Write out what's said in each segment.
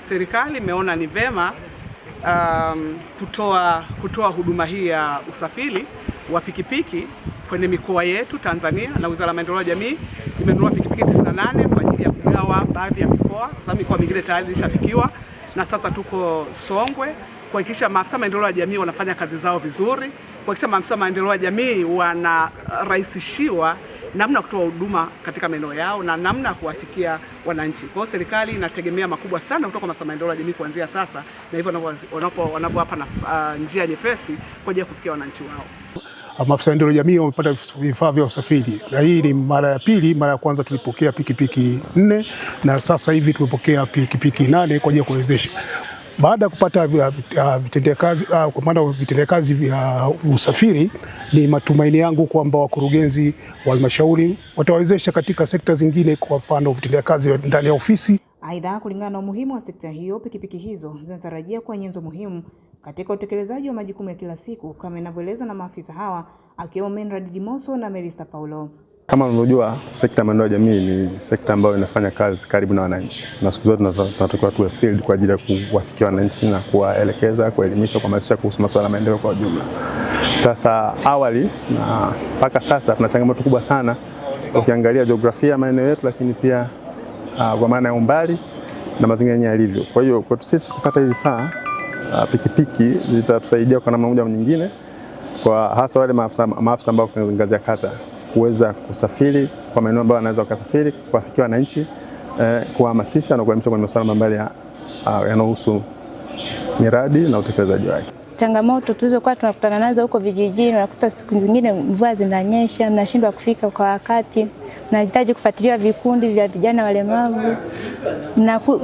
serikali imeona ni vema um, kutoa, kutoa huduma hii ya usafiri wa pikipiki kwenye mikoa yetu Tanzania, na Wizara ya Maendeleo ya Jamii imenunua pikipiki 98 kwa ajili ya kugawa baadhi ya mikoa, za mikoa mingine tayari ilishafikiwa, na sasa tuko Songwe kuhakikisha maafisa maendeleo ya jamii wanafanya kazi zao vizuri, kuhakikisha maafisa maendeleo ya jamii wanarahisishiwa namna ya kutoa huduma katika maeneo yao na namna ya kuwafikia wananchi. Kwa hiyo serikali inategemea makubwa sana kutoka kwa maendeleo ya jamii kuanzia sasa, na hivyo wanapowapa na uh, njia nyepesi kwa ajili ya kufikia wananchi wao. Maafisa maendeleo ya jamii wamepata vifaa vya usafiri, na hii ni mara ya pili. Mara ya kwanza tulipokea pikipiki nne na sasa hivi tumepokea pikipiki nane kwa ajili ya kuwezesha baada ya kupata vitendekazi ah, kwa maana vitendekazi vya usafiri, ni matumaini yangu kwamba wakurugenzi wa halmashauri watawezesha katika sekta zingine, kwa mfano kazi ndani ya ofisi. Aidha, kulingana na umuhimu wa sekta hiyo, pikipiki hizo zinatarajia kuwa nyenzo muhimu katika utekelezaji wa majukumu ya kila siku kama inavyoelezwa na maafisa hawa akiwemo Menrad Dimoso na Melista Paulo. Kama unavyojua sekta ya maendeleo ya jamii ni sekta ambayo inafanya kazi karibu na wananchi, na siku zote tunatakiwa tuwe field kwa ajili ya kuwafikia wananchi na kuwaelekeza, kuwaelimisha, kuhamasisha kuhusu masuala ya maendeleo kwa ujumla. Sasa awali na mpaka sasa tuna changamoto kubwa sana ukiangalia jiografia ya maeneo yetu, lakini pia uh, kwa maana ya umbali na mazingira yenyewe yalivyo. Kwa hiyo kwetu sisi kupata hivi vifaa uh, pikipiki zitatusaidia kwa namna moja au nyingine, kwa hasa wale maafisa ambao ya kata kuweza kusafiri kwa maeneo ambayo anaweza wakasafiri, kuwafikia wananchi eh, kuwahamasisha na kuelimisha kwenye masuala mbalimbali ya ah, miradi na utekelezaji wake. Changamoto tulizokuwa tunakutana nazo huko vijijini, unakuta siku zingine mvua zinanyesha, mnashindwa kufika kwa wakati, mnahitaji kufuatilia vikundi vya vijana walemavu,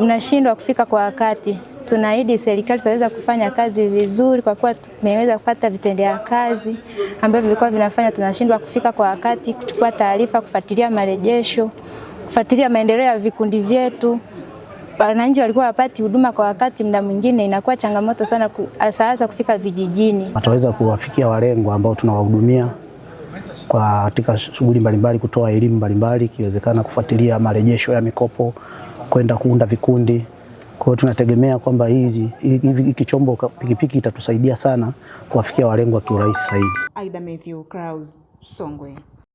mnashindwa kufika kwa wakati. Tunaahidi serikali tutaweza kufanya kazi vizuri, kwa kuwa tumeweza kupata vitendea kazi ambavyo vilikuwa vinafanya tunashindwa kufika kwa wakati, kuchukua taarifa, kufuatilia marejesho, kufuatilia maendeleo ya vikundi vyetu. Wananchi walikuwa wapati huduma kwa wakati, muda mwingine inakuwa changamoto sana, asaasa kufika vijijini. Wataweza kuwafikia walengwa ambao tunawahudumia kwa katika shughuli mbalimbali, kutoa elimu mbalimbali, ikiwezekana kufuatilia marejesho ya mikopo, kwenda kuunda vikundi kwa hiyo tunategemea kwamba hizi hiki chombo pikipiki itatusaidia sana kuwafikia walengwa kiurahisi zaidi. Aida Matthew Clouds, Songwe.